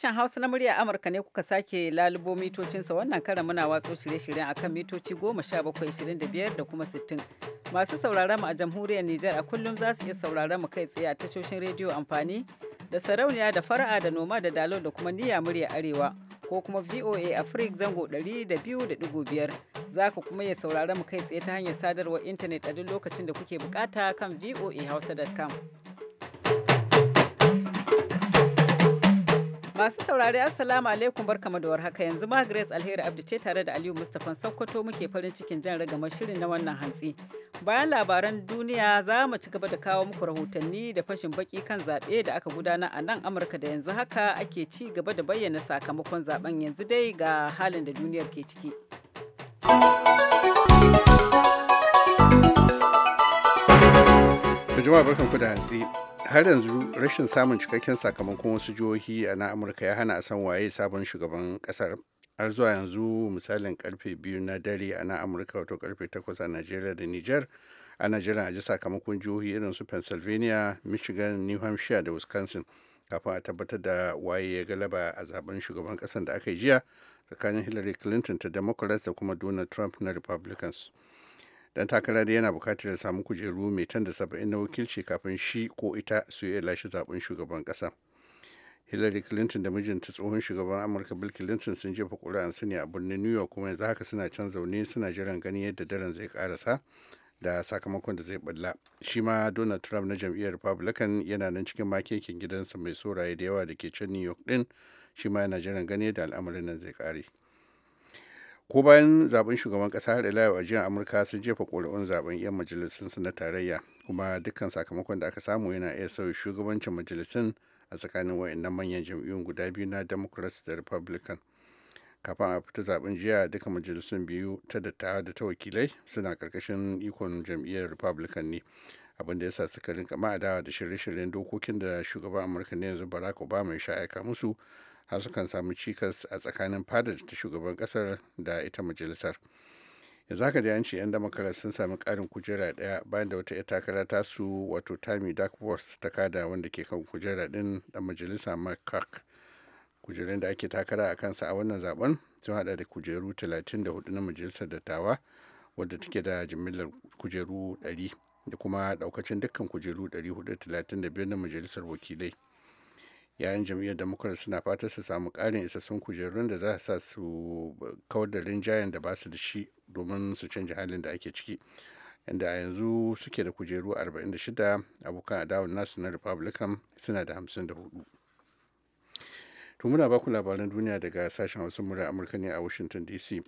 Sashen Hausa na murya Amurka ne kuka sake lalubo mitocinsa wannan karan muna watso shirye-shiryen akan mitoci 17-25 da kuma 60. Masu sauraron mu a jamhuriyar Nijar a kullum za su iya sauraron mu kai tsaye a tashoshin rediyo amfani da sarauniya da fara'a da noma da dalo da kuma niyya murya arewa ko kuma VOA Africa zango 200.5 za ka kuma iya sauraron mu kai tsaye ta hanyar sadarwar intanet a duk lokacin da kuke bukata kan voa voahausa.com. Masu saurari Assalamu alaikum barkamu da warhaka yanzu ma Grace Alheri abdu ce tare da Aliyu Mustapha Sokoto muke farin cikin jan ragama shirin na wannan hantsi. Bayan labaran duniya za mu ci gaba da kawo muku rahotanni da fashin baki kan zaɓe da aka gudana a nan Amurka da yanzu haka ake ci gaba da bayyana sakamakon zaben yanzu dai ga halin da duniyar ke ciki. barkan barkanku da hantsi. har yanzu rashin samun cikakken sakamakon wasu jihohi a na amurka ya hana a san waye sabon shugaban kasar har zuwa yanzu misalin karfe biyu na dare a na amurka wato karfe takwas a najeriya da niger ana jiran a ji sakamakon jihohi irin su pennsylvania michigan new hampshire da wisconsin kafin a tabbatar da waye ya galaba a zaben shugaban kasar da aka yi jiya tsakanin hillary clinton ta democrats da kuma donald trump na republicans dan takara da yana bukatar samun kujeru mai tan da saba'in na wakilci kafin shi ko ita su yi lashe zaben shugaban kasa hillary clinton da mijinta tsohon shugaban amurka bill clinton sun jefa ƙuri'an su ne a birnin new york kuma yanzu haka suna can zaune suna jiran gani yadda daren zai karasa da sakamakon da zai balla shi ma donald trump na jam'iyyar republican yana nan cikin makekin gidansa mai soraye da yawa da ke can new york din shi ma yana jiran gani da al'amarin nan zai kare ko bayan zaben shugaban kasa har ila a jihar amurka sun jefa ƙuri'un zaben yan majalisun na tarayya kuma dukkan sakamakon da aka samu yana iya sauya shugabancin majalisun a tsakanin wayannan manyan jam'iyyun guda biyu na democrats da republican kafin a fita zaben jiya duka majalisun biyu ta dattawa da ta wakilai suna karkashin ikon jam'iyyar republican ne abin da yasa suka rinka ma'adawa da shirye-shiryen dokokin da shugaban amurka ne yanzu barack obama ya sha aika musu har sukan samu cikas a tsakanin fadar ta shugaban kasar da ita majalisar ya zaka da yanci 'yan damakarar sun sami karin kujera daya bayan da wata 'ya takara tasu wato tammy duckworth ta kada wanda ke kan kujera din da majalisa mccock kujerun da ake takara a kansa a wannan zaben sun hada da kujeru 34 na majalisar dattawa wadda take da jimillar kujeru 100 da kuma daukacin dukkan kujeru 435 na majalisar wakilai yayin jam'iyyar demokrat suna fatar su samu ƙarin isassun kujerun da za sa su kawar da rinjayen da ba su da shi domin su canja halin da ake ciki inda a yanzu suke da kujeru 46 abokan adawar nasu na republican suna da 54 to muna baku labaran duniya daga sashen wasu mura amurka ne a washington dc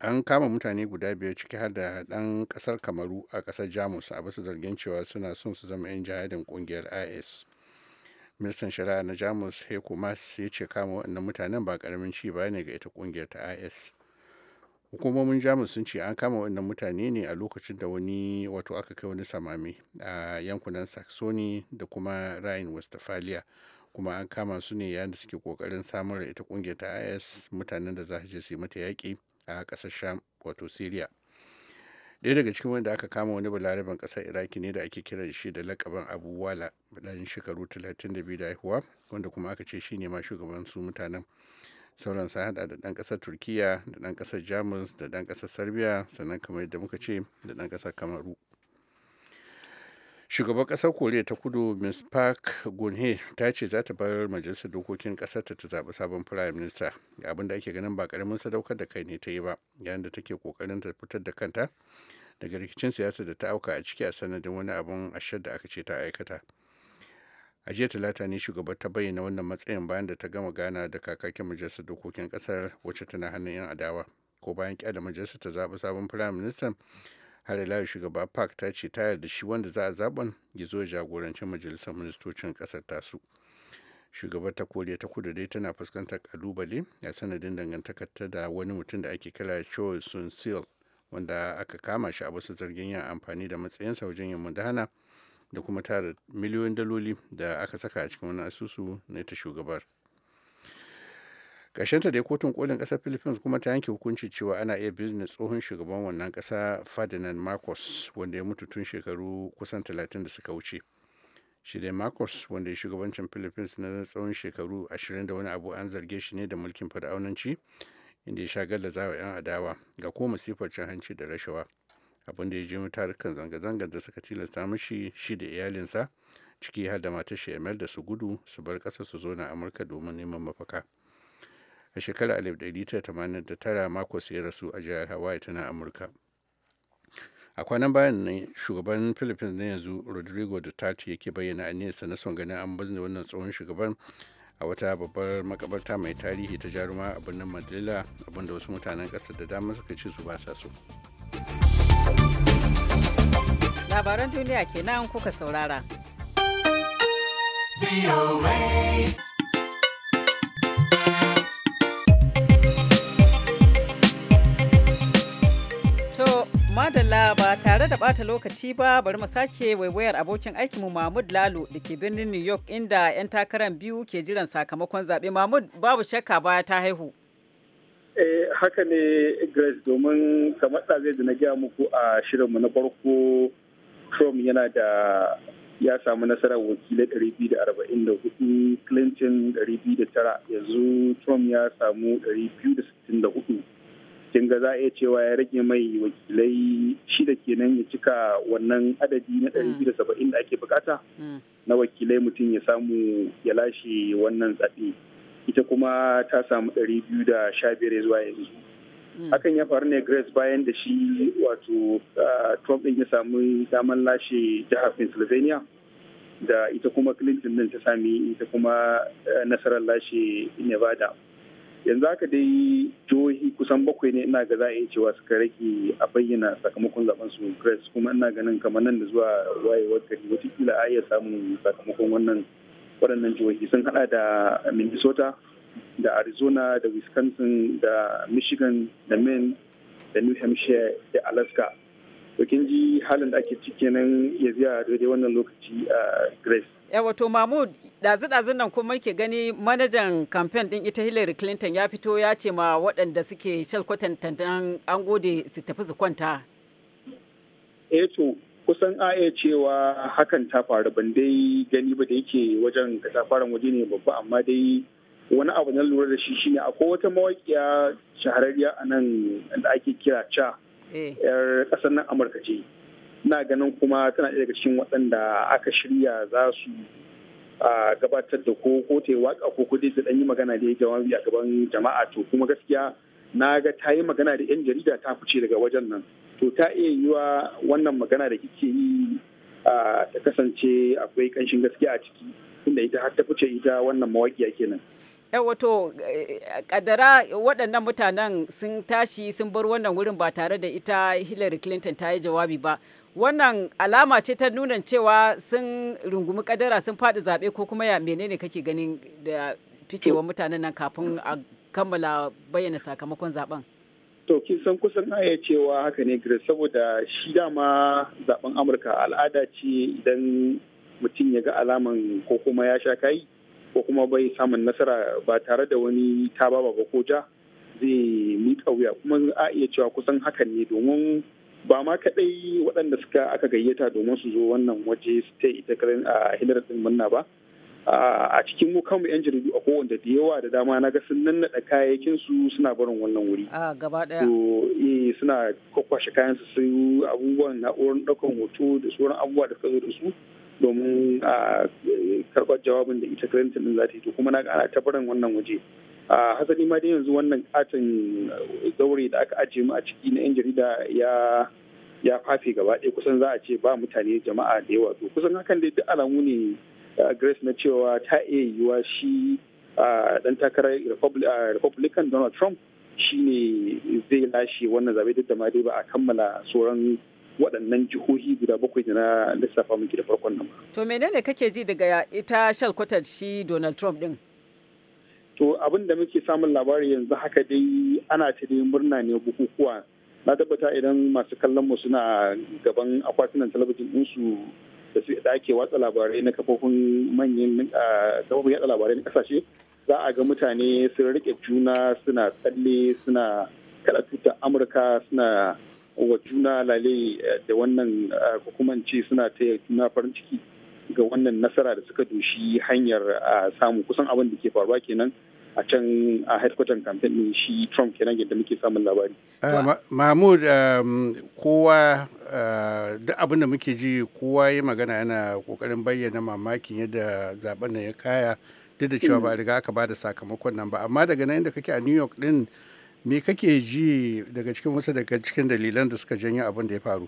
an kama mutane guda biyar ciki har da ɗan kasar kamaru a ƙasar jamus a basu zargin cewa suna son su zama 'yan jihadin ƙungiyar is ministan shari'a na jamus heku mas ya ce kama waɗannan mutanen ba karamin ci ba ne ga ita kungiyar ta is hukumomin jamus sun ce an kama waɗannan mutane ne a lokacin da wani wato aka kai wani samami a yankunan saxony da kuma rhine westphalia kuma an kama su ne yayin da suke kokarin samar da ita kungiyar ta is mutanen da za su je su yi mata yaƙi a ƙasar sham wato syria ɗaya daga cikin wanda aka kama wani balaraban ƙasar iraki ne da ake kiran shi da lakaban abubuwa wala shekaru 32 da haihuwa wanda kuma aka ce shi ne ma shugaban su mutanen sauran sa hada da ɗan ƙasar turkiya da ɗan ƙasar jamus da ɗan ƙasar serbia sannan kamar yadda muka ce da ɗan ƙasar kamaru shugaban ƙasar koriya ta kudu ms park gunhe ta ce za ta bar majalisar dokokin ƙasar ta zaɓi sabon prime minister abinda ake ganin ba ƙaramin sadaukar da kai ne ta yi ba yayin da take ƙoƙarin ta fitar da kanta daga rikicin siyasa da ta auka a ciki a sanadin wani abun ashar da aka ce ta aikata a jiya talata ne shugaba ta bayyana wannan matsayin bayan da ta gama gana da kakakin majalisar dokokin kasar wacce tana hannun yan adawa ko bayan kyada majalisar ta zaɓi sabon firayim ministan har ila shugaba park ta ce ta yarda shi wanda za a zaben ya zo jagorancin majalisar ministocin kasar tasu shugabar ta koriya ta kudu dai tana fuskantar kalubale a sanadin dangantakar ta da wani mutum da ake kira choi sun seal wanda aka kama shi a wasu zargin yin amfani da matsayinsa wajen yin mudahana da kuma tara miliyoyin daloli da aka saka a cikin wani asusu na ta shugabar ƙarshenta da kotun kolin ƙasar philippines kuma ta yanke hukunci cewa ana iya biznes tsohon shugaban wannan kasa ferdinand marcos wanda ya mutu tun shekaru kusan 30 da suka wuce shi dai marcos wanda ya shugabancin philippines na tsawon shekaru 20 da wani abu an zarge shi ne da mulkin fara'aunanci inda ya sha za wa 'yan adawa ga ko masifar cin hanci da rashawa abin da ya je tarukan zanga-zangar da suka tilasta mishi shi da iyalinsa ciki har da matar shemel da su gudu su bar kasa su zo na amurka domin neman mafaka a shekarar 1989 mako sai rasu a jihar hawaii tana amurka a kwanan bayan ne shugaban philippines na yanzu rodrigo duterte yake bayyana nesa na son ganin an bazne wannan tsohon shugaban a wata babbar makabarta mai tarihi ta jaruma a birnin madrila abinda wasu mutanen ƙasar da dama suka ce su ba sa so labaran duniya kenan kuka saurara madalla ba tare da bata lokaci ba bari mu sake waiwayar abokin aikinmu mahmud lalo da ke birnin new york inda 'yan takarar biyu ke jiran sakamakon zaɓe mahmud babu shakka baya ta haihu eh haka ne grace domin kamar ɗaze da na gaya muku a shirinmu na farko trump yana da ya samu nasarar wakilai 244 clinton 209 yanzu trump ya samu 264 kin ga za a iya cewa ya rage mai wakilai shida kenan ya cika wannan adadi na ɗari biyu da ake bukata mm. na wakilai mutum ya samu ya lashe wannan zaɓe ita kuma ta samu ɗari biyu da sha biyar zuwa yanzu mm. hakan ya faru ne grace bayan da shi wato ah, trump ɗin ya samu damar lashe jihar pennsylvania da ita kuma clinton din ta sami ita kuma eh, nasarar lashe nevada yanzu haka dai jihohi kusan bakwai ne ina ga za a iya cewa suka rage a bayyana sakamakon zaben su press kuma ina ganin kamar nan da zuwa wayewar gari watakila a iya samun sakamakon wannan waɗannan jihohi sun hada da minnesota da arizona da wisconsin da michigan da maine da new hampshire da alaska to kin ji halin da ake ciki nan ya zuwa daidai wannan lokaci a ah, grace ya wato mahmud ɗazu-ɗazun nan kuma ke gani manajan kamfen ɗin ita hillary clinton ya fito ya ce ma waɗanda suke shalkwatan tantan an gode su tafi su kwanta eto eh kusan aya cewa hakan ta faru ban dai gani ba da yake wajen katafaren waje ne babba amma dai wani abu na lura da shi shine akwai wata mawaƙiya shahararriya a nan da ake kira cha eh. yar ƙasar nan amurka ce na ganin kuma tana ɗaya daga cikin waɗanda aka shirya za su gabatar da ko ko ta yi waka ko ko da ɗan yi magana da ya jawabi a gaban jama'a to kuma gaskiya na ga ta yi magana da 'yan jarida ta fice daga wajen nan to ta iya yiwa wannan magana da kike yi ta kasance akwai ƙanshin gaskiya a ciki tunda ita har ta fice ita wannan mawaƙiya kenan wato kadara eh, waɗannan mutanen sun tashi sun bar wannan wurin ba tare da ita hillary clinton ta yi jawabi ba wannan alama ce ta nuna cewa sun rungumi kadara sun faɗi zaɓe ko kuma ya menene kake ganin da ficewa mutanen nan kafin a kammala bayyana sakamakon zaben to kin san kusan aya cewa haka ne Grace saboda shi dama zaben Amurka al'ada ce idan mutum ya ga alaman ko kuma ya sha kai ko kuma bai samun nasara ba tare da wani tababa ba ko ja zai miƙa wuya kuma a iya cewa kusan haka ne domin ba ma kadai waɗanda suka aka gayyata domin su zo wannan waje su ta ita karin a hidar din murna ba a cikin mu kanmu yan jaridu a kowanne da yawa da dama na ga sun nannaɗa kayayyakin su suna barin wannan wuri a gaba daya to eh suna kwakwashe kayan su abubuwan na'urar ɗaukan hoto da sauran abubuwa da suka zo da su domin karɓar jawabin da ita kiranta din za ta yi to kuma na ƙara tabarin wannan waje a hasali ma dai yanzu wannan katin uh, zaure da aka ajiye mu a ciki na 'yan jarida ya ya fafe gaba ɗaya kusan za a ce ba mutane jama'a da yawa to kusan hakan dai duk alamu ne uh, grace na cewa ta iya yiwuwa shi dan uh, takarar republican donald trump shine zai lashe wannan zaɓe duk da ba a kammala sauran waɗannan jihohi guda bakwai da na lissafa miki da farkon nan. To menene kake ji daga ita shalkwatar shi Donald Trump din? To abin da muke samun labari yanzu haka dai ana ta dai murna ne bukukuwa. Na tabbata idan masu kallon mu suna gaban akwatunan talabijin su da ake watsa labarai na kafofin manyan kafofin yada labarai na kasashe za a ga mutane sun rike juna suna tsalle suna kada cutar amurka suna wa juna lale eh, da wannan hukumanci eh, suna ta juna farin ciki ga wannan nasara da suka doshi hanyar samu kusan abin da ke faruwa kenan a can a headquarter campaign din shi Trump kenan yadda muke samun labari. Eh, Mahmud um, kowa duk abin da muke ji kowa ya magana yana kokarin bayyana mamakin yadda zaben ya kaya duk da cewa ba a mm. riga aka ba da sakamakon nan ba amma daga nan inda kake a new york din me kake ji daga cikin wasu daga cikin dalilan da suka janyo abin da ya faru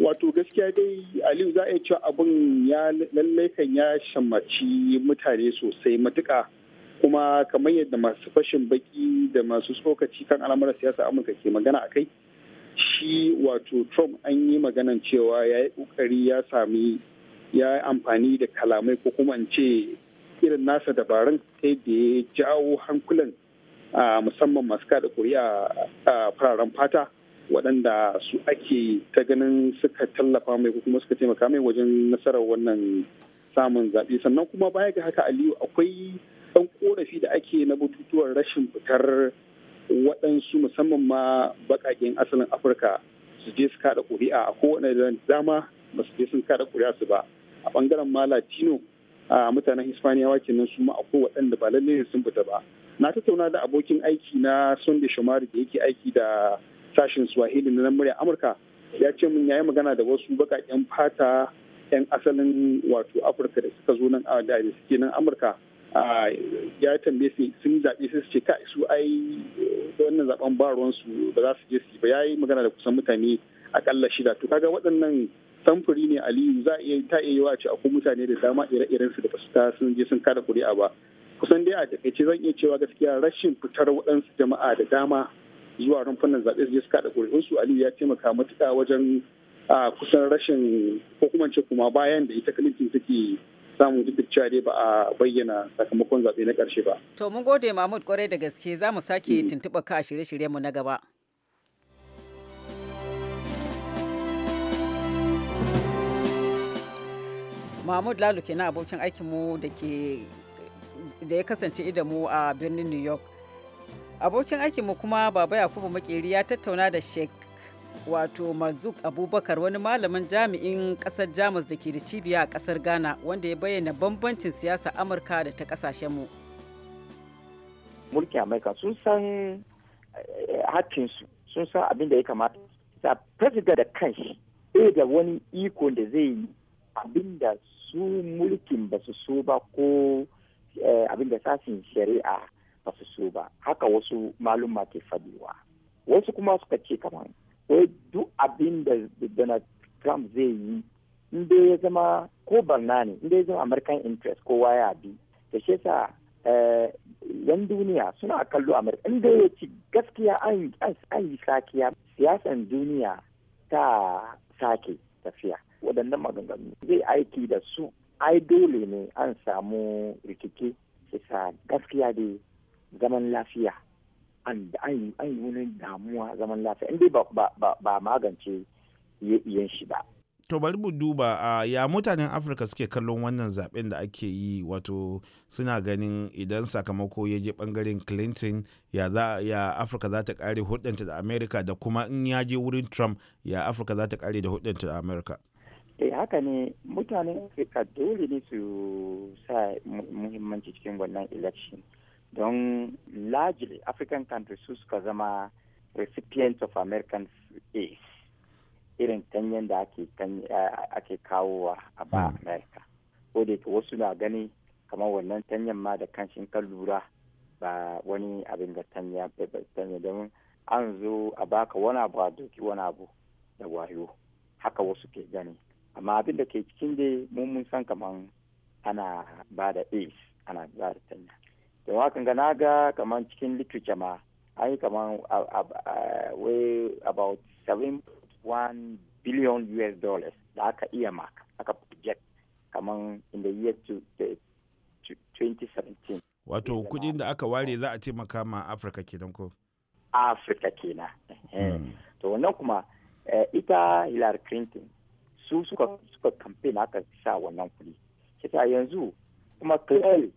wato gaskiya dai aliyu za a yi cewa abin ya lallai kan ya shammaci mutane sosai matuka kuma kamar yadda masu fashin baki da masu tsokaci kan al'amuran siyasa amurka ke magana akai shi wato trump an yi maganan cewa ya yi kokari ya sami ya yi amfani da kalamai ko kuma in ce irin nasa dabarun sai da ya jawo hankulan musamman masu kada kuri'a a fararen fata waɗanda su ake ta ganin suka tallafa mai ko kuma suka taimaka mai wajen nasarar wannan samun zaɓe sannan kuma baya ga haka aliyu akwai ɗan korafi da ake na bututuwar rashin fitar waɗansu musamman ma baƙaƙen asalin afirka su je su kada ƙuri'a a kowane dama ba su je sun kada ƙuri'a su ba a bangaren ma latino a mutanen hispaniyawa kenan su ma akwai waɗanda ba lalle sun fita ba na tattauna da abokin aiki na sunday shomari da yake aiki da sashen swahili na murya amurka ya ce mun yayi magana da wasu bakaƙen fata 'yan asalin wato afirka da suka zo nan a da suke nan amurka ya tambaye su sun zaɓe su ce kai su ai wannan zaɓen ba ruwansu ba za su je su ba ya magana da kusan mutane akalla shida to kaga waɗannan samfuri ne aliyu za a iya ta iya wa ce akwai mutane da dama ire-iren da basu ta sun je sun kada kuri'a ba kusan dai a takaice zan iya cewa gaskiya rashin fitar waɗansu jama'a da dama zuwa rumfunan zaɓe su je su kada kuri'unsu aliyu ya taimaka matuƙa wajen a kusan rashin ko kuma ce kuma bayan da ita clinton take samun duk cewa dai ba a bayyana sakamakon zaɓe na ƙarshe ba. to mun gode mahmud kwarai da gaske za mu sake mm. tuntuɓa ka a shirye-shiryenmu na gaba. mahmud lalu kenan abokin aikinmu da ke da ya kasance idanmu a birnin new york abokin aikinmu kuma baba yakubu makeri ya tattauna da sheik wato mazuk abubakar wani malamin jami'in kasar jamus da ke da cibiya a kasar ghana wanda ya bayyana bambancin siyasa amurka da ta kasashenmu mulkin amurka sun san eh, hakkinsu sun san abin da ya kamata da president da kanshi bai da wani iko da zai yi abin da su mulkin ba su so ba ko eh, abin da sasin shari'a ba su so ba haka wasu maluma ke faduwa wasu kuma suka ce kamar wai duk abin da donald trump zai yi inda ya zama ko barna ne inda ya zama american interest ko waya bi da shi sa eh, yan duniya suna kallo america inda ya ci gaskiya an yi sakiya siyasan duniya ta sake tafiya waɗannan maganganu zai aiki da su ai dole ne an samu rikici bisa gaskiya da zaman lafiya an yi wani damuwa zaman lafiya inda ba magance yin shi ba to bari mu duba a ya mutanen afirka suke kallon wannan zaben da ake yi wato suna ganin idan sakamako ya je bangaren clinton ya za ya afirka za ta kare hudunta da america da kuma in ya je wurin trump ya afirka za ta kare da hudunta da america eh haka ne mutanen afirka dole ne su sa muhimmanci cikin wannan election don largely african countries su suka zama recipients of american aid irin tanyen da ake kawowa a ba hmm. america ko da wasu na gani kamar wannan tanyan ma da kanshin kan lura ba wani abin da tanya don an zo a baka wani abu a doki wani abu da wayo haka wasu ke gani amma abin da ke cikin dai mun mun san kaman ana ba da aids ana ba da tanya da wakan ga naga kaman cikin literature ma an yi kaman wai about 7.1 billion us dollars da aka iya maka aka project kaman in the year to, to, to 2017 wato kudin da aka ware za a taimaka ma afirka kenan ko afirka kenan hmm. to wannan kuma eh, ita hillary clinton su suka suka na aka sa wannan kuɗi kisa yanzu kuma kl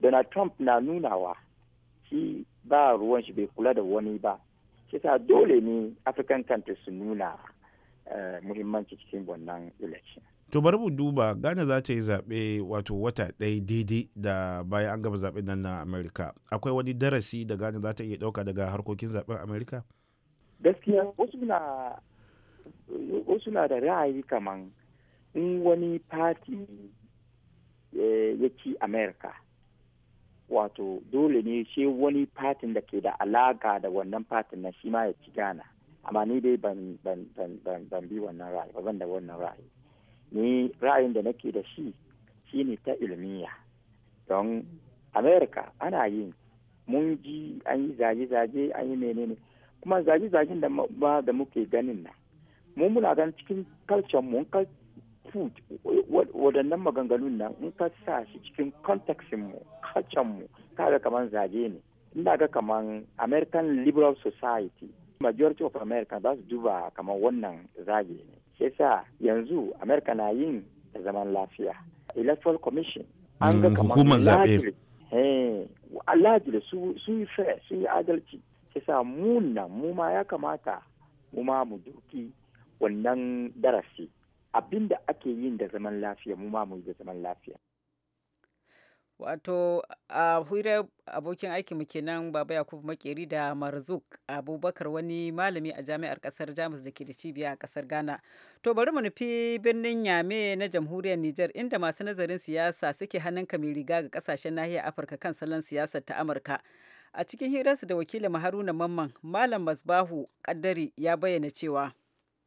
Donald Trump na nunawa shi ba ruwan shi bai kula da wani ba kisa dole ne African countries su nuna eh, muhimmanci cikin wannan election to bari mu duba Ghana za ta yi zaɓe wato wata ɗaya daidai da bayan an gaba zaɓen nan na Amerika akwai wani darasi da Ghana za ta iya ɗauka daga harkokin zaɓen Amerika gaskiya wasu na wasu na da ra'ayi kaman in wani fati eh, ya ci america wato dole ne shi wani fatin da ke da alaka da wannan fatin na shi ma ya ci ghana amma ni dai ban bi wannan ra'ayi ba ban da wannan ra'ayi ni ra'ayin da nake da shi shi ne ta ilmiya don america ana yin mun ji an yi zage-zage an yi menene kuma zage-zagen da muke ganin nan mu muna gan cikin culture mun ka food wadannan maganganun nan in ka sa shi cikin context mu culture mu kaga kaman zage ne ina ga kaman American Liberal Society majority of America ba su duba kaman wannan zage ne sai sa yanzu America na yin da zaman lafiya electoral commission an ga mm, kaman hukumar zaɓe alhaji eh, su yi fair su yi adalci sai sa mu nan mu ma ya kamata mu ma mu duki wannan darasi abin da ake yin da zaman lafiya mu ma da zaman lafiya wato a hure abokin aikinmu kenan baba yakubu makeri da marzuk abubakar wani malami a jami'ar kasar jamus da ke da cibiya a kasar ghana to bari mu nufi birnin yame na jamhuriyar nijar inda masu nazarin siyasa suke hannun mai riga ga kasashen nahiyar afirka kan salon siyasar ta amurka a cikin hirarsa da wakilin haruna mamman malam masbahu kaddari ya bayyana cewa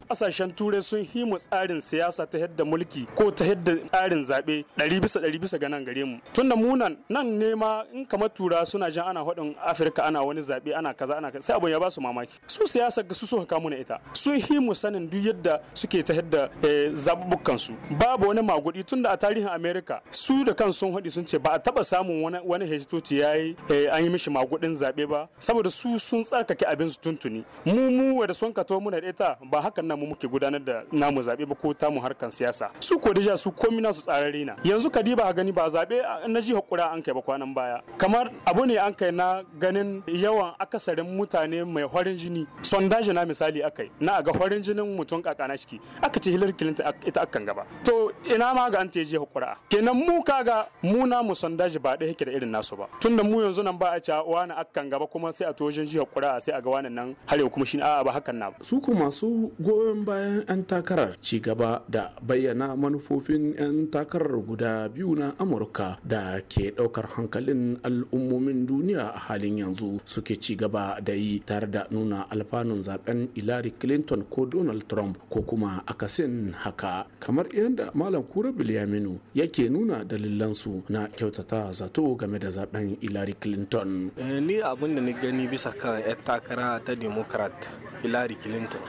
kasashen turai sun himu tsarin siyasa ta yadda mulki ko ta yadda tsarin zaɓe ɗari bisa ɗari bisa ga nan gare mu tunda da nan nan ne in kamar tura suna jan ana haɗin afirka ana wani zaɓe ana kaza ana kaza sai abun ya ba su mamaki su siyasa ga su suka kamu na ita sun himu sanin duk yadda suke ta yadda eh, zaɓuɓɓukan su babu wani magudi tunda a tarihin amerika su da kan sun haɗi sun ce ba a taɓa samun wani wani yayi ya eh, yi an yi mishi magudin zaɓe ba saboda su sun tsarkake abin su tuntuni mu mu da sun kato muna da ita ba hakan wannan mu muke gudanar da namu zaɓe ba ko tamu harkan siyasa su ko da su komi nasu tsararre na yanzu kadiba a gani ba zaɓe na ji kura an kai ba kwanan baya kamar abu ne an kai na ganin yawan akasarin mutane mai horin jini sondage na misali akai na a ga horin jinin mutum kakana shiki aka ce Hillary Clinton ita akan gaba to ina ma ga an ta ji kura kenan mu kaga mu na mu sondage ba ɗaya yake da irin nasu ba tunda mu yanzu nan ba a ci wani akan gaba kuma sai a tojin ji kura sai a ga wani nan har kuma shi a ba hakan na su kuma su go goyon bayan 'yan takarar ci gaba da bayyana manufofin 'yan takarar guda biyu na amurka da ke daukar hankalin al'ummomin duniya a halin yanzu suke ci gaba da yi tare da nuna alfanun zaben hillary clinton ko donald trump ko kuma akasin haka kamar yadda malam kura bilyaminu yake nuna dalilansu na kyautata zato game da zaben hillary clinton eh, ni abin da ni gani bisa kan 'yan takara ta democrat hillary clinton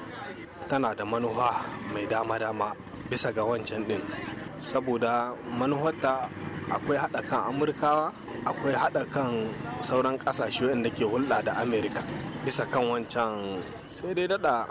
tana da manufa mai dama-dama bisa ga wancan din saboda manufarta akwai haɗa kan amurkawa akwai haɗa kan sauran ƙasashe wanda ke hulɗa da amerika bisa kan wancan sai dai daɗa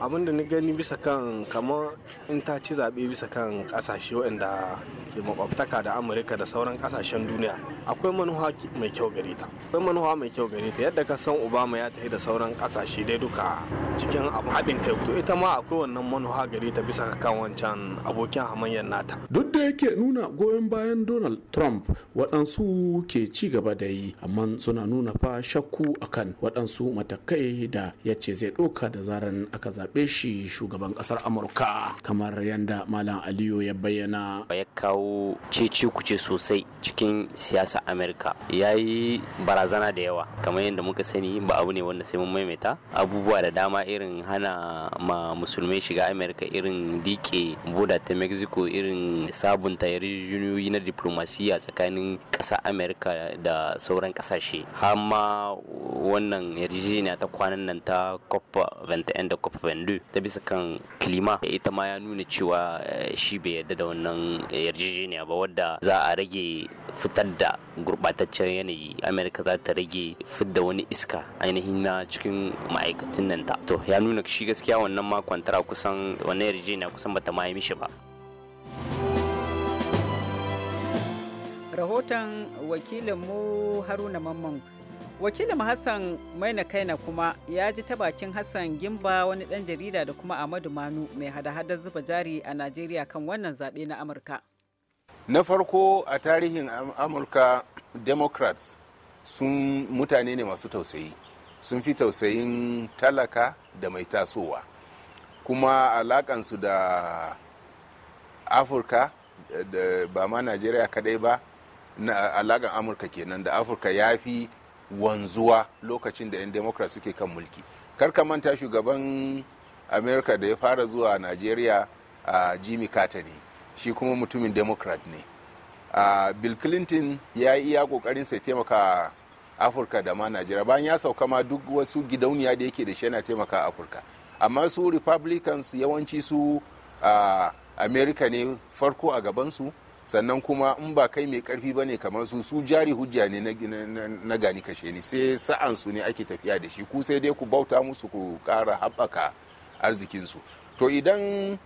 abin da na gani bisa kan kamar in ta ci zaɓe bisa kan ƙasashe waɗanda ke makwabtaka da amurka da sauran ƙasashen duniya akwai manuwa mai kyau gare ta akwai manuwa mai kyau gare ta yadda ka san obama ya tafi da sauran ƙasashe dai duka cikin abin haɗin kai to ita ma akwai wannan manuwa gare ta bisa kan wancan abokin hamayyar nata duk da yake nuna goyon bayan donald trump waɗansu ke ci gaba da yi amma suna nuna fa shakku akan waɗansu matakai da ya ce zai ɗauka da zaran aka zaɓe zaɓe shi shugaban ƙasar amurka kamar yadda malam aliyu ya bayyana ya kawo cici kuce sosai cikin siyasa amurka ya yi barazana da yawa kamar yadda muka sani ba abu ne wanda sai mun maimaita abubuwa da dama irin hana ma musulmai shiga amurka irin dike boda ta mexico irin sabunta yarjejeniyoyi na diplomasiya tsakanin ƙasa amurka da sauran ƙasashe har ma wannan yarjejeniya ta kwanan nan ta cop 21 da cop 2022 ta bisa kan kilima ita ma ya nuna cewa eh, shi bai yarda da wannan yarjejeniya ba wadda za a rage fitar da gurbataccen yanayi amerika za ta rage fidda wani iska ainihin na cikin ma'aikatan nan ta to ya nuna shi gaskiya wannan ma kwantara kusan wannan yarjejeniya kusan bata ma yi mishi ba rahoton wakilinmu haruna mamman wakilin hassan maina kaina kuma ya ji ta bakin hassan gimba wani dan jarida da kuma amadu manu mai hada-hadar zuba jari a najeriya kan wannan zaɓe na amurka na farko a tarihin amurka democrats sun mutane ne masu tausayi sun fi tausayin talaka da mai tasowa kuma alakansu da afirka ba ma najeriya kadai ba na alakan amurka kenan da afirka ya fi wanzuwa lokacin da 'yan democrat suke kan mulki kar ka manta shugaban america da ya fara zuwa nigeria uh, jimmy carter ne shi kuma mutumin democrat ne uh, bill clinton ya yi iya kokarin sai taimaka afirka da ma nigeria bayan ya sauka ma duk wasu gidauniya da yake da shi yana taimaka afirka amma su republicans yawanci su uh, america ne farko a gabansu sannan kuma in ba kai mai karfi bane kamar su su jari hujja ne na gani kashe ni sai sa'an su ne ake tafiya da shi ku sai dai ku bauta musu ku kara haɓaka arzikinsu to idan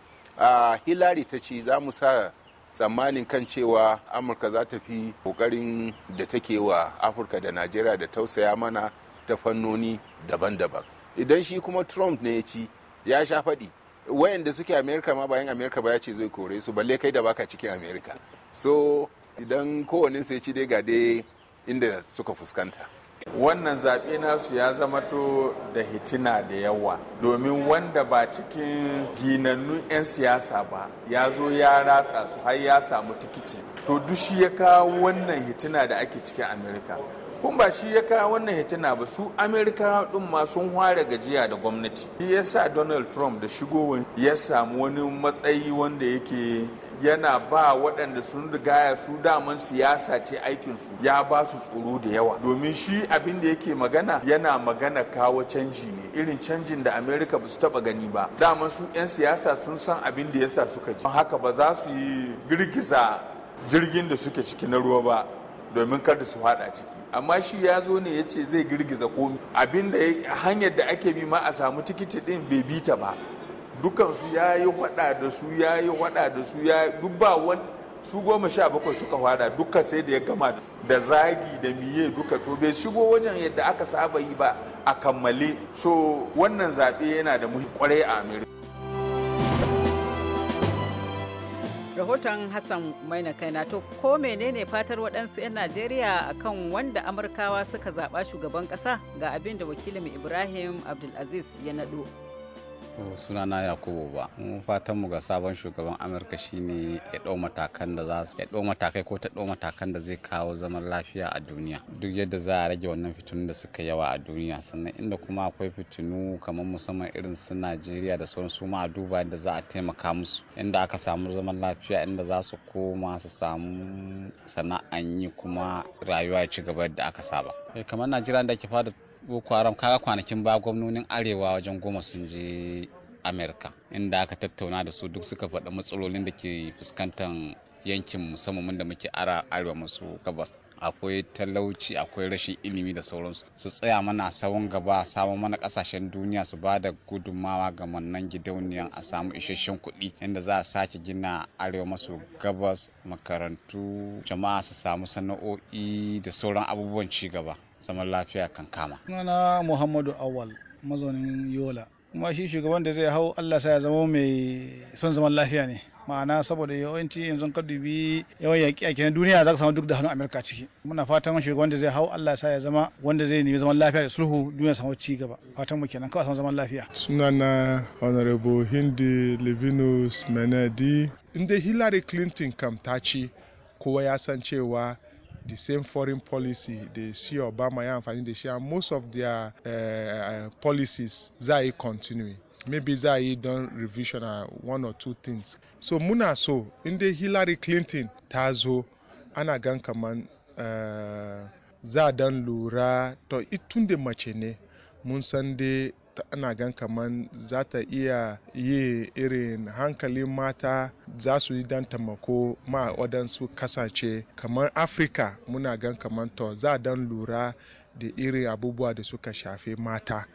hillary ta ci za mu sa tsammanin kan cewa amurka za ta fi kokarin da take wa afirka da najeriya da tausaya mana ta fannoni daban-daban idan shi kuma trump ne ya ci ya sha faɗi wayanda suke america ma bayan america ba ya ce zai kore su balle kai da baka cikin america so idan kowanne su ya ci dai ga dai inda suka fuskanta wannan zaɓe nasu ya zama to da hitina da yawa domin wanda ba cikin ginannun 'yan siyasa ba ya zo ya ratsa su har ya samu tikiti to dushi ya kawo wannan hitina da ake cikin amerika kun ba shi ya kawo wannan hitina ba su amerika din ma sun hware gajiya da gwamnati shi sa donald trump da shigowar ya samu wani matsayi wanda yake yana ba waɗanda sun rigaya su daman siyasa ce aikinsu ya ba su tsoro da yawa domin shi abin da yake magana yana magana kawo canji ne irin canjin da amerika ba su taba gani ba daman su 'yan siyasa sun san abin da yasa suka ji haka ba za su yi girgiza jirgin da suke ciki na ruwa ba domin kada su hada ciki amma shi ya zo ne ya ce zai girgiza komi abinda hanyar da ake bi ma a samu tikiti din bai bi ta ba dukansu ya yi hada da su ya yi hada da su ya duk ba wani su goma sha bakwai suka hada duka sai da ya gama da zagi da miye duka to bai shigo wajen yadda aka saba yi ba a kammale so wannan zaɓe yana da muhimmanci kwarai a amerika rahoton hassan maina kaina to ko menene fatar waɗansu 'yan najeriya a kan wanda amurkawa suka zaɓa shugaban ƙasa ga abin da wakilin ibrahim abdulaziz ya naɗo sunana yakubu ba mu fatan mu ga sabon shugaban amurka shine ya ɗau matakan da za su ya ɗau matakai ko ta ɗau matakan da zai kawo zaman lafiya a duniya duk yadda za a rage wannan fitinu da suka yawa a duniya sannan inda kuma akwai fitinu kamar musamman irin su najeriya da sauran su ma a duba yadda za a taimaka musu inda aka samu zaman lafiya inda za su koma su samu sana'an yi kuma rayuwa ya ci gaba da aka saba eh, kamar najeriya da ake fada boko kaga kwanakin ba gwamnonin arewa wajen goma sun je amerika inda aka tattauna da su duk suka faɗi matsalolin da ke fuskantar yankin musamman da muke ara arewa masu gabas akwai talauci akwai rashin ilimi da sauransu su tsaya mana sawon gaba samun mana kasashen duniya su ba da gudunmawa ga mannan gidauniyan a samu isasshen kuɗi inda za a sake gina arewa maso gabas makarantu jama'a su samu sana'o'i da sauran abubuwan ci gaba zaman lafiya kan kama. Sunana Muhammadu Awal mazaunin Yola. Kuma shi shugaban da zai hau Allah sa ya zama mai son zaman lafiya ne. ma'ana saboda yawanci yanzu ka dubi yawan yaƙi a kenan duniya za ka samu duk da hannun amurka ciki muna fatan shi wanda zai hau allah sa ya zama wanda zai nemi zaman lafiya da sulhu duniya samu ci gaba fatan mu kenan kawai samu zaman lafiya sunana honorable hindi livinus menadi inda hillary clinton kam ta ci, kowa ya san cewa the same foreign policy they see obama and amfani da share most of their uh, policies za a maybe za a yi don revision a one or two things so muna so in the hillary clinton ta zo ana gan kaman uh, eh, za lura to itunde da mace ne mun san ana gan kaman za ta iya yi irin hankalin mata za su yi dan taimako ma waɗansu kasance kamar afirka muna gan kaman to za dan lura da irin abubuwa da suka shafi mata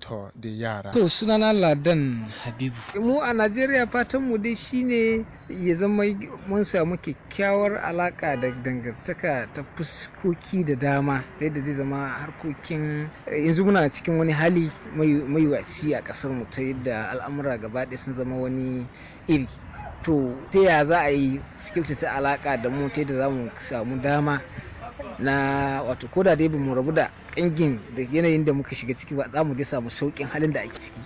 to da yara to sunana ladan habibu mu a najeriya fatan mu dai shine ya zama mun samu kyakkyawar alaka da dangantaka ta fuskoki da dama ta yadda zai zama harkokin yanzu muna cikin wani hali mai a kasar mu ta yadda al'amura gaba ɗaya sun zama wani iri to ta ya za a yi su kyautata alaka da mu ta yadda za mu samu dama na wato ko da dai bamu rabu da kangin da yanayin da muka shiga ciki ba za mu dai samu saukin halin da ake ciki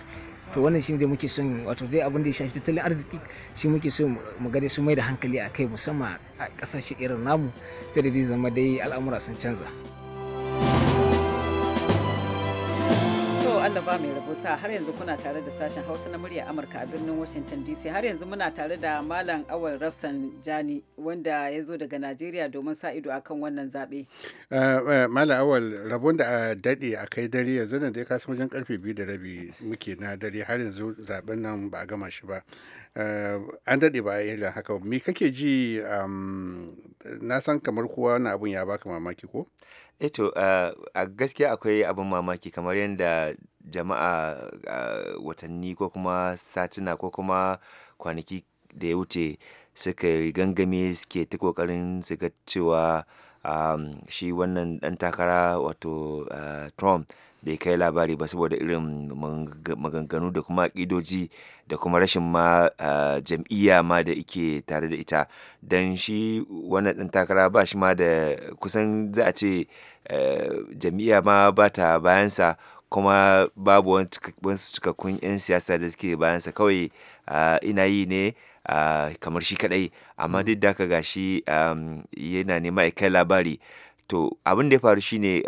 to wannan shi ne muke son wato dai abin da ya shafi tattalin arziki shi muke so mu ga su mai da hankali a kai musamman a kasashe irin namu ta da zai zama dai al'amura sun canza. Lallaba mai sa har yanzu kuna tare da sashen Hausa na murya Amurka a birnin Washington DC har yanzu muna tare da Malam Awal Rafsan Jani wanda ya zo daga Najeriya domin sa ido akan wannan zaɓe. Eh, eh, Malam Awal rabon da a daɗe a kai dare yanzu da ya kasa wajen karfe biyu da rabi muke na dare har yanzu zaɓen nan ba a gama shi ba. Eh, an daɗe ba a yi haka me kake ji na san kamar kowa na abun ya baka mamaki ko? Eto a gaskiya akwai abin mamaki kamar yadda jama'a watanni ko kuma satina ko kuma kwanaki da ya wuce suka gangame suke ta kokarin su ga cewa um, shi wannan dan takara wato trump bai kai labari ba saboda irin maganganu da kuma kidoji da kuma rashin ma jam'iyya ma da ike tare da ita don shi wannan ɗan takara ba shi ma da kusan za a ce eh, jam'iyya ma ba ta bayansa kuma babu wani cikakkun 'yan siyasa da suke bayansa kawai ina yi ne kamar shi kadai amma hmm. duk da haka gashi yana nema kai labari to abin da ya faru shine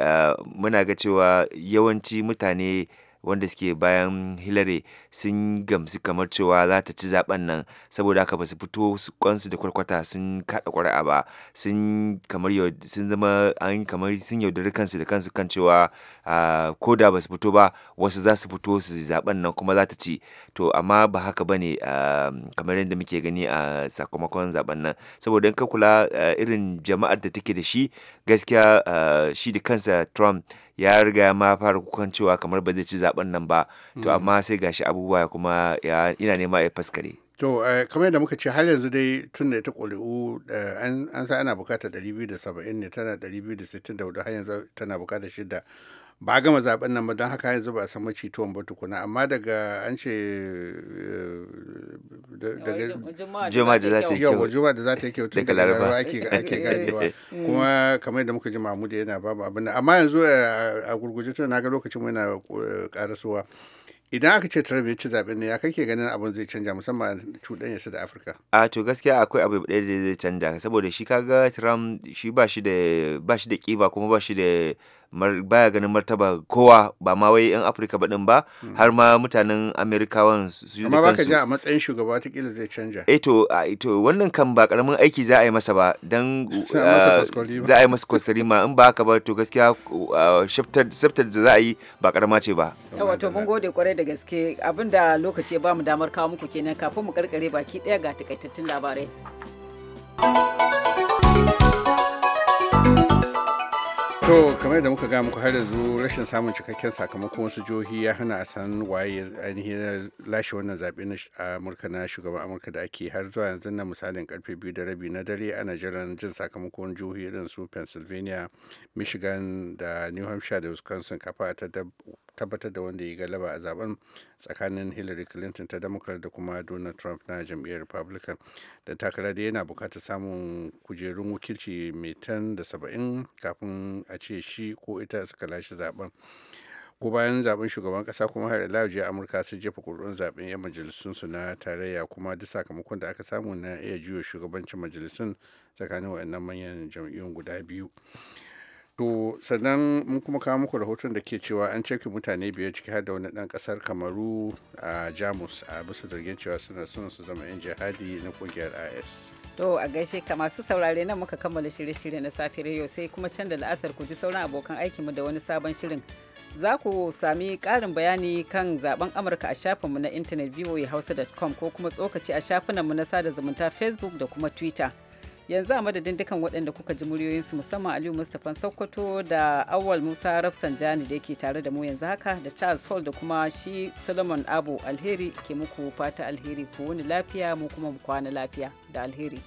muna ga cewa yawanci mutane wanda suke bayan Hillary sun gamsu kamar cewa za ta ci zaben nan saboda haka ba su fito kwansu da kwarkwata sun kada kwara'a ba sun kamar sun zama an kamar sun yaudari kansu da kansu kan cewa ko da ba su fito ba wasu za su fito su zaben nan kuma za ta ci to amma ba haka ba ne kamar yadda muke gani a sakamakon zaben nan saboda in ka kula irin jama'ar da take da shi gaskiya shi da kansa Trump ya riga ma fara kukan cewa kamar ba zai ci zaben nan ba to hmm. amma sai gashi abubuwa ya kuma ina nema ya faskare to eh, kamar yadda muka ce har yanzu dai tun da ita ƙuri'u eh, an sa ana bukata 270 ne tana 264 har yanzu tana bukata shida ba gama zaben nan ba don haka yanzu ba a samu cituwan ba tukuna amma daga an ce eh, daga juma'a da za ta yi kyau juma'a da za ta yi kyau tun daga laraba ake ganewa mm. kuma kamar yadda muka ji mahmudu yana babu abin nan amma yanzu eh, a gurguje tun na ga lokacin mu yana karasuwa eh, idan aka ce Trump ya ci zaben ne ya kake ganin abin zai canja musamman cuɗan ya da Afirka. A to gaskiya akwai abu ɗaya da zai canja saboda shi kaga Trump shi ba shi da ba shi da kiba kuma ba shi da baya ganin martaba kowa ba ma wai yan afirka baɗin ba hmm. har ma mutanen amerikawan su amma baka ja a matsayin shugaba ta kila zai canja eh to to wannan kan ba karamin aiki za a yi masa ba dan za a yi masa ma in ba haka ba to gaskiya shaftar da za a yi ba karama ce ba yawa to mun gode kwarai da gaske abinda lokaci ba mu damar kawo muku kenan kafin mu karkare baki daya ga takaitattun labarai to kamar da muka ga muku har yanzu rashin samun cikakken sakamakon wasu jihohi ya hana a san waye ainihin lashe wannan zaɓe na amurka na shugaban amurka da ake har zuwa yanzu na misalin karfe biyu da rabi na dare ana jiran jin sakamakon jihohi irin su pennsylvania michigan da new hampshire da wisconsin kafa ta tabbatar da wanda ya galaba a zaben tsakanin hillary clinton ta democrat da kuma donald trump na jam'iyyar republican da takara da yana bukatar samun kujerun wakilci mai tan da saba'in kafin a ce shi ko ita suka lashe zaben ko bayan zaben shugaban kasa kuma har ila jiya amurka sun jefa kuri'un zaben yan majalisun su na tarayya kuma duk sakamakon da aka samu na iya juya shugabancin majalisun tsakanin waɗannan manyan jam'iyyun guda biyu to sannan mun kuma kawo muku rahoton da ke cewa an ceki mutane biyar ciki har da wani dan kasar kamaru a jamus a bisa zargin cewa suna son su zama yan jihadi na kungiyar is to a gaishe ka masu saurare nan muka kammala shirye-shirye na safe yau sai kuma can da la'asar ku ji sauran abokan aikinmu da wani sabon shirin za ku sami ƙarin bayani kan zaben amurka a shafinmu na intanet voahausa.com ko kuma tsokaci a shafinanmu na sada zumunta facebook da kuma twitter yanzu a madadin dukan waɗanda kuka ji muryoyinsu musamman aliyu mustapha sokoto da awal musa rafsanjani da yake tare da mu yanzu haka da charles hall da kuma shi solomon abu alheri ke muku fata alheri ku wani lafiya mu kuma mu kwana lafiya da alheri